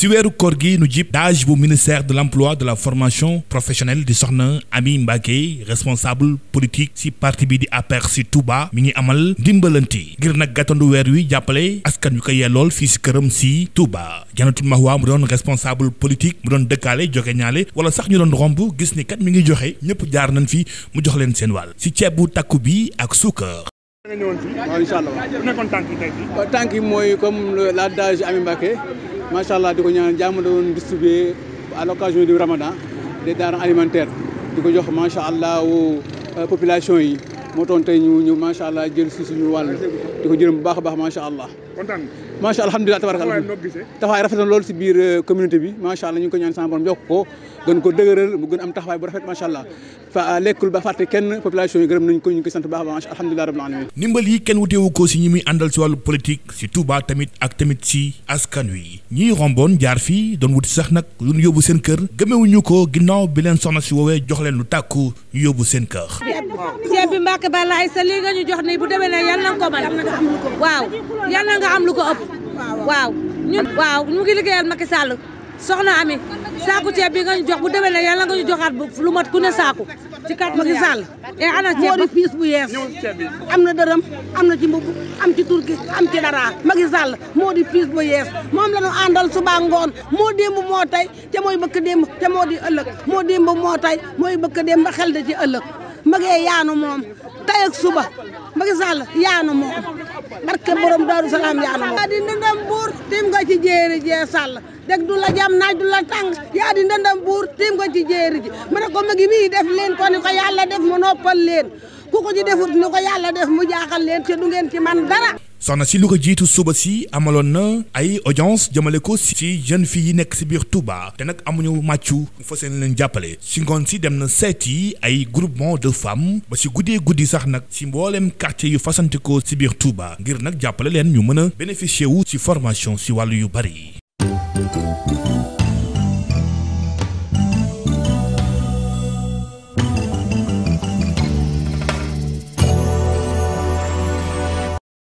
si weeru koor gi nu jib DAGE bu ministère de l'emploi de la formation professionnelle di soxna Ami Mbacké responsable politique si parti bi di APR si Touba mi ngi amal ndimbalanti ngir nag gàttandu weer wi jàppale askan yu ko yellool fii si këram si Touba Janatul Mahwa mu doon responsable politique mu doon dëkkaale joxe ñaale wala sax ñu doon romb gis ni kat mi ngi joxe ñëpp jaar nañ fi mu jox leen seen wàll si ceeb bu takku bi ak suukar waaw incha allah bu tànk yi mooy comme la dage Ami Mbacké macha allah di ko ñaan jàmm doon distribuer à l'occasion du Ramadan des denrées alimentaire di ko jox macha allah euh, population yi moo toon tey ñu ñu macha allah jël si suñu wàll di ko jërëm bu baax baax macha allah. kontaan nga macha allah alhamdulilah tabaaraka allah taxawaay si biir euh, communauté bi macha allah ñu ko ñaan sama borom yokk ko. gën ko dëgëral mu gën am taxawaay bu rafet macha allah fa ah, lekkul ba fàtte kenn population yi gërëm nañ ko ñu ko sant baax baax alhamdulilah rabbil alamin ndimbal yi kenn wuteewu ko si ñi muy àndal si wàllu politique si Touba tamit ak tamit si askan wi ñiy romboon jaar fii doon wuti sax nag lu ñu yóbbu seen kër gëmewuñu ko ginnaaw bi leen soxna si woowee jox leen lu tàkku ñu yóbbu seen kër ceeb bi Mbacke Balla ay lii nga ñu jox nii bu demee ne yal saaku ceeb bi nga ñu jox bu demee ne yàlla nga ñu joxaat lu mat ku ne saaku ci kat Macky Sall e ana ceeb moo di piis bu yees am na dërëm am na ci mbubb am ci turki am ci dara Macky Sall moo di piis bu yees moom la ñu àndal suba moo démb moo tey te mooy bëkk démb te moo di ëllëg moo démb moo tey mooy bëkk démb xel da ci ëllëg magee yaanu moom tey ak suba Macky Sall yaanu moo barke borom Daaru yaanu moo yaa di ndëndam buur tiim nga ci jéeri jee Sall deg du la jam naaj du la tàng yaa di ndëndam buur tiim nga ci jéeri ji ma ne ko magi mii def leen ko ni ko yàlla def mu noppal leen ku ko ci defut ni ko yàlla def mu jaaxal leen te du ci man dara soxna si lu ko jiitu suba si amaloon na ay audience jëmale ko si jeune fille yi nekk si biir Touba te nag amuñu màccu mu fas leen jàppale si ngoon si dem na seeti ay groupement de femmes ba si guddee guddi sax nag si mbooleem quartier yu fasante ko si biir Touba ngir nag jàppale leen ñu mën a bénéficier wu si formation si wàllu yu bari